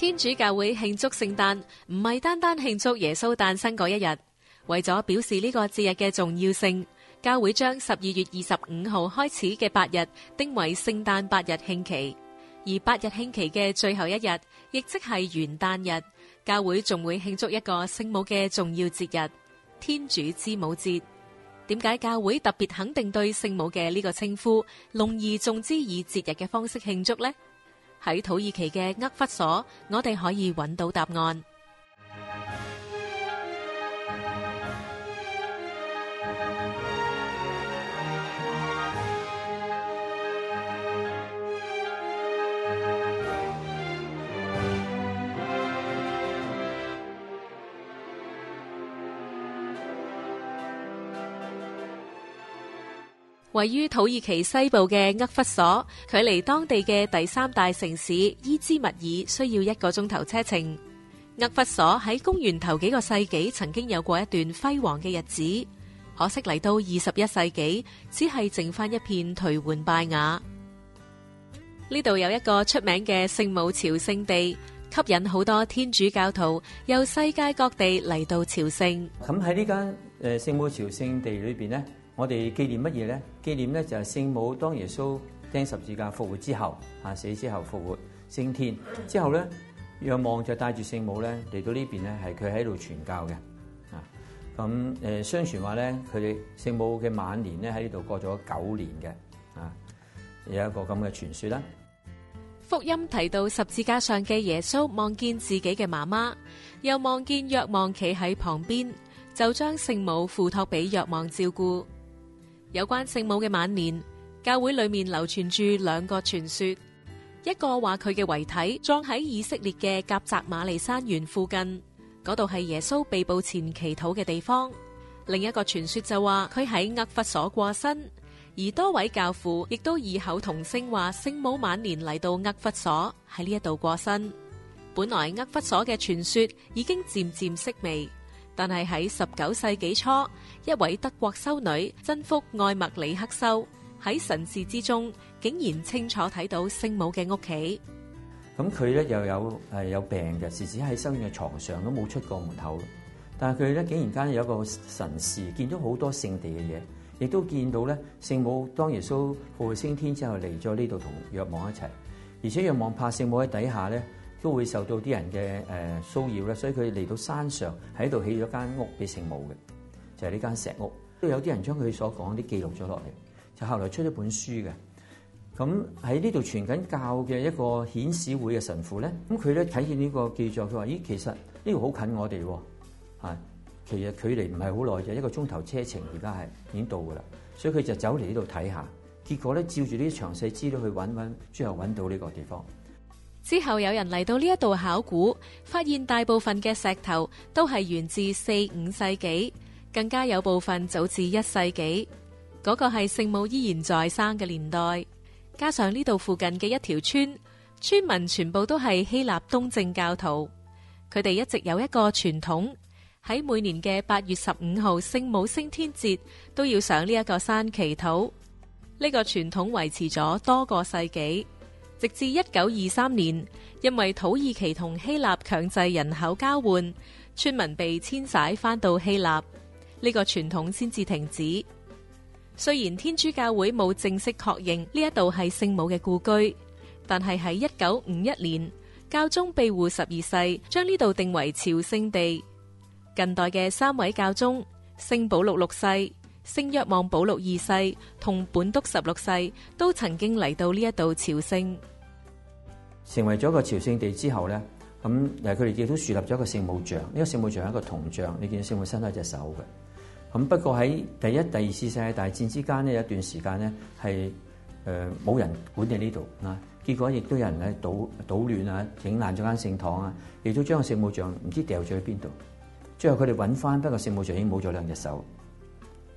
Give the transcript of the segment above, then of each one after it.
天主教會慶祝聖誕，唔係單單慶祝耶穌誕生嗰一日，為咗表示呢個節日嘅重要性，教會將十二月二十五號開始嘅八日定為聖誕八日慶期，而八日慶期嘅最後一日，亦即係元旦日，教會仲會慶祝一個聖母嘅重要節日——天主之母節。點解教會特別肯定對聖母嘅呢個稱呼，隆而重之以節日嘅方式慶祝呢？喺土耳其嘅厄弗所，我哋可以揾到答案。位於土耳其西部嘅厄弗所，距離當地嘅第三大城市伊茲密爾需要一個鐘頭車程。厄弗所喺公元頭幾個世紀曾經有過一段輝煌嘅日子，可惜嚟到二十一世紀，只係剩翻一片頹垣敗瓦。呢度有一個出名嘅聖母朝聖地，吸引好多天主教徒由世界各地嚟到朝聖。咁喺呢間聖母朝聖地裏邊呢。我哋紀念乜嘢咧？紀念咧就係聖母當耶穌釘十字架復活之後，啊死之後復活升天之後咧，若望就帶住聖母咧嚟到呢邊咧，係佢喺度傳教嘅啊。咁、呃、誒，相傳話咧，佢哋聖母嘅晚年咧喺呢度過咗九年嘅啊，有一個咁嘅傳説啦。福音提到十字架上嘅耶穌望見自己嘅媽媽，又望見若望企喺旁邊，就將聖母附託俾若望照顧。有關聖母嘅晚年，教會裏面流傳住兩個傳説，一個話佢嘅遺體葬喺以色列嘅革責瑪尼山園附近，嗰度係耶穌被捕前祈禱嘅地方；另一個傳説就話佢喺厄弗所過身，而多位教父亦都異口同聲話聖母晚年嚟到厄弗所喺呢一度過身。本來厄弗所嘅傳説已經漸漸式微。但係喺十九世紀初，一位德國修女真福愛麥里克修喺神視之中，竟然清楚睇到聖母嘅屋企。咁佢咧又有係有病嘅，時時喺修院嘅床上都冇出過門口。但係佢咧竟然間有一個神視，見咗好多聖地嘅嘢，亦都見到咧聖母當耶穌復活升天之後嚟咗呢度同約望一齊，而且約望怕聖母喺底下咧。都會受到啲人嘅誒、呃、騷擾啦，所以佢嚟到山上喺度起咗間屋俾聖母嘅，就係、是、呢間石屋。都有啲人將佢所講啲記錄咗落嚟，就後來出咗本書嘅。咁喺呢度傳緊教嘅一個顯示會嘅神父咧，咁佢咧睇見呢個記載，佢話：咦，其實呢度好近我哋喎、啊，其實距離唔係好耐就一個鐘頭車程現在，而家係已經到㗎喇。所以佢就走嚟呢度睇下，結果咧照住呢啲詳細資料去揾揾，最後揾到呢個地方。之後有人嚟到呢一度考古，發現大部分嘅石頭都係源自四五世紀，更加有部分早至一世紀。嗰個係聖母依然在生嘅年代，加上呢度附近嘅一條村、村、村民全部都係希臘東正教徒，佢哋一直有一個傳統，喺每年嘅八月十五號聖母升天節都要上呢一個山祈禱。呢個傳統維持咗多個世紀。直至一九二三年，因為土耳其同希臘強制人口交換，村民被遷徙翻到希臘，呢個傳統先至停止。雖然天主教會冇正式確認呢一度係聖母嘅故居，但係喺一九五一年，教宗庇護十二世將呢度定為朝聖地。近代嘅三位教宗，聖保祿六世。聖約望保祿二世同本篤十六世都曾經嚟到呢一度朝聖，成為咗個朝聖地之後咧，咁誒佢哋亦都樹立咗一個聖母像。呢個聖母像係一個銅像，你見到聖母伸咗一隻手嘅。咁不過喺第一、第二次世界大戰之間呢，有一段時間咧係誒冇人管理呢度嗱，結果亦都有人咧搗搗亂啊，整爛咗間聖堂啊，亦都將個聖母像唔知掉咗去邊度。最後佢哋揾翻，不過聖母像已經冇咗兩隻手。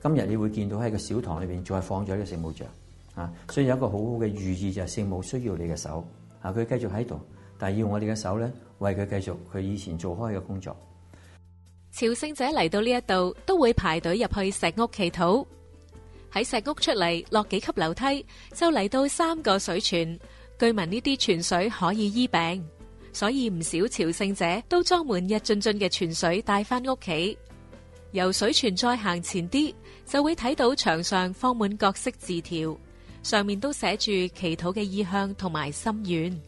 今日你會見到喺個小堂裏邊仲係放咗一個聖母像啊，所以有一個好好嘅寓意就係聖母需要你嘅手啊。佢繼續喺度，但要我哋嘅手咧，為佢繼續佢以前做開嘅工作。朝聖者嚟到呢一度都會排隊入去石屋祈禱，喺石屋出嚟落幾級樓梯，就嚟到三個水泉。據聞呢啲泉水可以醫病，所以唔少朝聖者都裝滿一樽樽嘅泉水帶翻屋企。由水泉再行前啲，就會睇到牆上放滿各式字條，上面都寫住祈禱嘅意向同埋心願。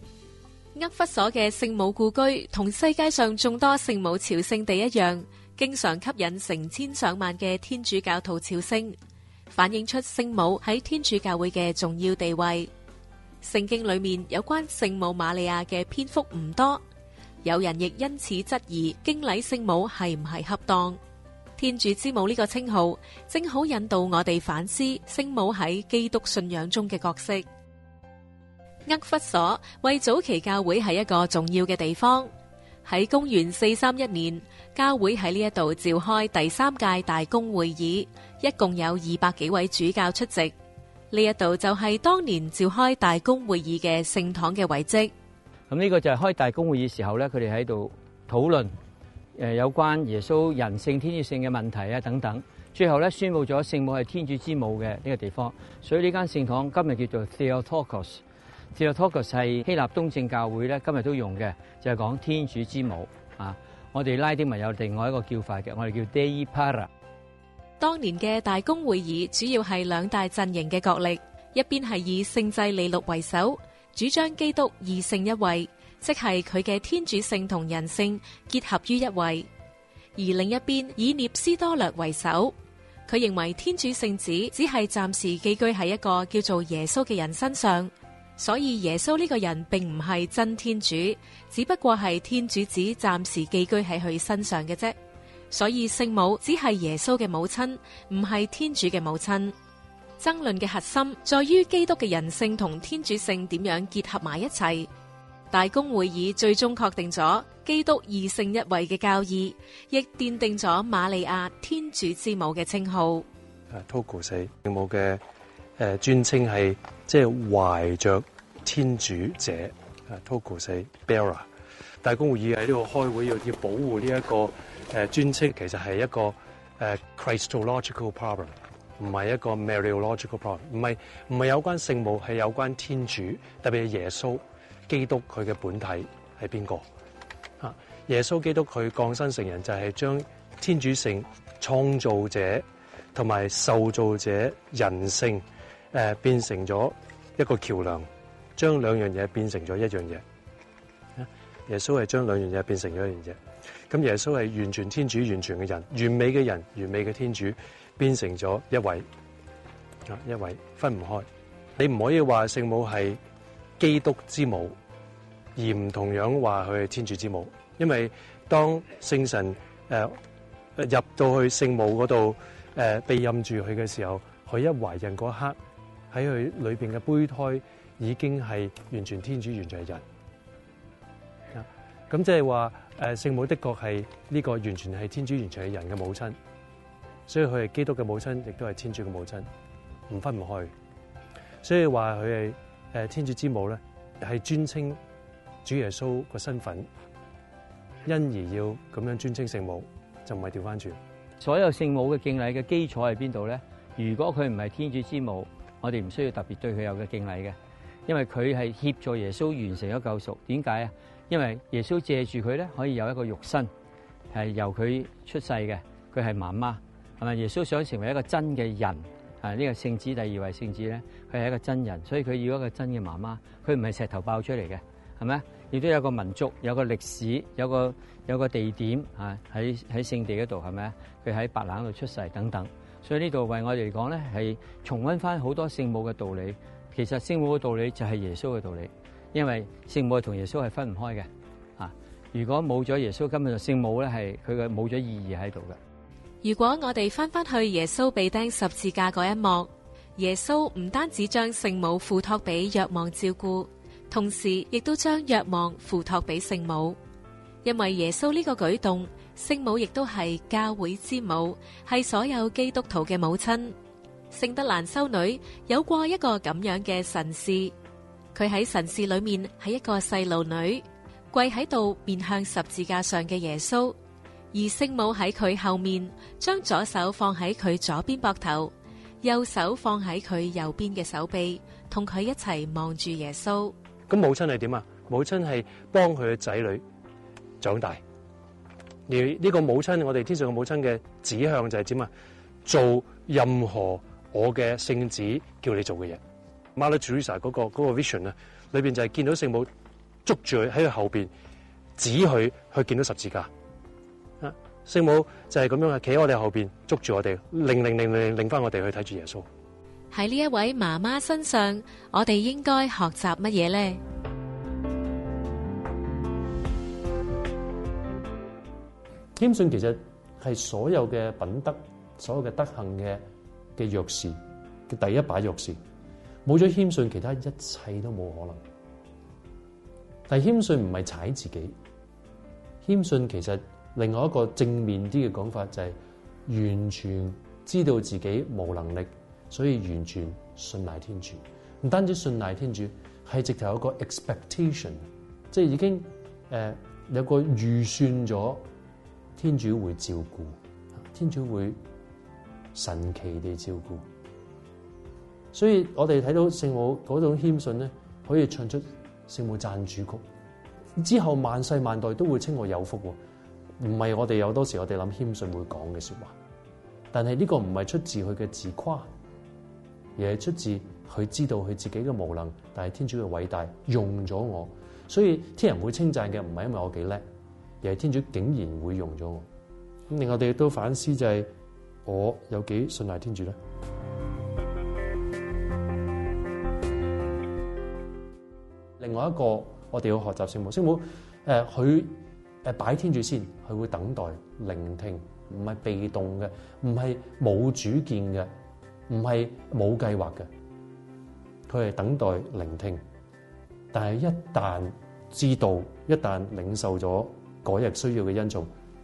厄弗所嘅聖母故居，同世界上眾多聖母朝聖地一樣，經常吸引成千上萬嘅天主教徒朝聖，反映出聖母喺天主教會嘅重要地位。聖經裏面有關聖母瑪利亞嘅篇幅唔多，有人亦因此質疑敬禮聖母係唔係恰當。天主之母呢個稱號，正好引導我哋反思聖母喺基督信仰中嘅角色。厄弗所為早期教會係一個重要嘅地方，喺公元四三一年，教會喺呢一度召開第三屆大公會議，一共有二百幾位主教出席。呢一度就係當年召開大公會議嘅聖堂嘅遺跡。咁、這、呢個就係開大公會議的時候咧，佢哋喺度討論。誒，有關耶穌人性、天主性嘅問題啊，等等。最後咧，宣布咗聖母係天主之母嘅呢個地方。所以呢間聖堂今日叫做 Theotokos。Theotokos 係希臘東正教會咧，今日都用嘅，就係、是、講天主之母啊。我哋拉丁文有另外一個叫法嘅，我哋叫 Deipara。當年嘅大公會議主要係兩大陣營嘅角力，一邊係以聖濟利祿為首，主張基督二性一位。即係佢嘅天主性同人性結合於一位，而另一邊以涅斯多略為首，佢認為天主聖子只係暫時寄居喺一個叫做耶穌嘅人身上，所以耶穌呢個人並唔係真天主，只不過係天主子暫時寄居喺佢身上嘅啫。所以聖母只係耶穌嘅母親，唔係天主嘅母親。爭論嘅核心在於基督嘅人性同天主性點樣結合埋一齊。大公會議最終確定咗基督二性一位嘅教義，亦奠定咗瑪利亞天主之母嘅稱號。啊，聖母嘅誒尊稱係即係懷着天主者。啊，Theotokos，大公會議喺呢度開會，要要保護呢一個誒尊稱，其實係一個 Christological problem，唔係一個 Mariological problem，唔係唔係有關聖母，係有關天主，特別係耶穌。基督佢嘅本體係邊個？耶穌基督佢降生成人就係將天主性、創造者同埋受造者人性，誒變成咗一個橋樑，將兩樣嘢變成咗一樣嘢。耶穌係將兩樣嘢變成咗一樣嘢。咁耶穌係完全天主、完全嘅人、完美嘅人、完美嘅天主，變成咗一位啊，一位分唔開。你唔可以話聖母係。基督之母，而唔同樣話佢係天主之母，因為當聖神誒、呃、入到去聖母嗰度誒被蔭住佢嘅時候，佢一懷孕嗰刻喺佢裏邊嘅胚胎已經係完全天主，完全嘅人，啊，咁即係話誒聖母的確係呢個完全係天主完全嘅人嘅母親，所以佢係基督嘅母親，亦都係天主嘅母親，唔分唔開，所以話佢係。誒天主之母咧，係尊稱主耶穌個身份，因而要咁樣尊稱聖母，就唔係調翻轉。所有聖母嘅敬禮嘅基礎喺邊度咧？如果佢唔係天主之母，我哋唔需要特別對佢有嘅敬禮嘅，因為佢係協助耶穌完成咗救贖。點解啊？因為耶穌借住佢咧，可以有一個肉身係由佢出世嘅，佢係媽媽，係咪？耶穌想成為一個真嘅人。啊！呢個聖子，第二位聖子咧，佢係一個真人，所以佢要一個真嘅媽媽。佢唔係石頭爆出嚟嘅，係咪？亦都有個民族，有個歷史，有個有個地點啊！喺喺聖地嗰度，係咪啊？佢喺白冷度出世等等。所以呢度為我哋嚟講咧，係重溫翻好多聖母嘅道理。其實聖母嘅道理就係耶穌嘅道理，因為聖母係同耶穌係分唔開嘅。啊！如果冇咗耶穌，根本就聖母咧係佢嘅冇咗意義喺度嘅。如果我哋翻返去耶穌被釘十字架嗰一幕，耶穌唔單止將聖母付託俾若望照顧，同時亦都將若望付託俾聖母，因為耶穌呢個舉動，聖母亦都係教會之母，係所有基督徒嘅母親。聖德蘭修女有過一個咁樣嘅神視，佢喺神視裏面係一個細路女，跪喺度面向十字架上嘅耶穌。而聖母喺佢後面，將左手放喺佢左邊膊頭，右手放喺佢右邊嘅手臂，同佢一齊望住耶穌。咁母親係點啊？母親係幫佢嘅仔女長大。而呢個母親，我哋天上嘅母親嘅指向就係點啊？做任何我嘅聖子叫你做嘅嘢。Mary Theresa 嗰個、嗰個 vision 啊，裏邊就係見到聖母捉住佢喺佢後邊，指佢去見到十字架。聖母就係咁樣啊，企喺我哋後邊，捉住我哋，令令令令令翻我哋去睇住耶穌。喺呢一位媽媽身上，我哋應該學習乜嘢咧？謙遜其實係所有嘅品德，所有嘅德行嘅嘅鑰匙，嘅第一把鑰匙。冇咗謙遜，其他一切都冇可能。但係謙遜唔係踩自己，謙遜其實。另外一個正面啲嘅講法就係完全知道自己冇能力，所以完全信賴天主。唔單止信賴天主，係直頭有個 expectation，即係已經誒有個預算咗天主會照顧，天主會神奇地照顧。所以我哋睇到聖母嗰種謙信咧，可以唱出聖母讚主曲，之後萬世萬代都會稱我有福喎。唔係我哋有多時，我哋諗謙遜會講嘅說話，但係呢個唔係出自佢嘅自誇，而係出自佢知道佢自己嘅無能，但係天主嘅偉大用咗我，所以天人會稱讚嘅唔係因為我幾叻，而係天主竟然會用咗我。咁，我哋亦都反思就係、是、我有幾信賴天主咧。另外一個我哋要學習聖母，聖母誒佢。呃誒擺天主先，佢會等待、聆聽，唔係被動嘅，唔係冇主見嘅，唔係冇計劃嘅。佢係等待聆聽，但係一旦知道，一旦領受咗嗰日需要嘅恩寵，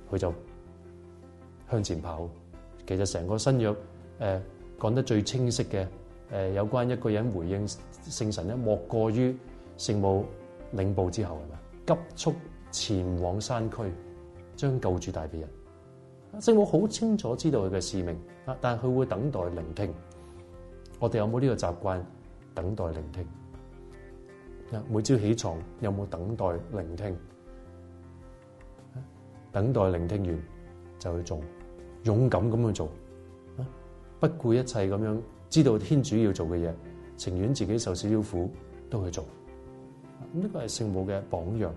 佢就向前跑。其實成個新約誒講得最清晰嘅誒、呃、有關一個人回應聖神咧，莫過於聖母領報之後，係咪急速前往山區，將救主帶畀人。聖母好清楚知道佢嘅使命啊，但係佢會等待聆聽。我哋有冇呢個習慣等待聆聽？每朝起床有冇等待聆聽？等待聆聽完就去做，勇敢咁去做，不顧一切咁樣，知道天主要做嘅嘢，情願自己受少少苦都去做。咁呢個係聖母嘅榜樣。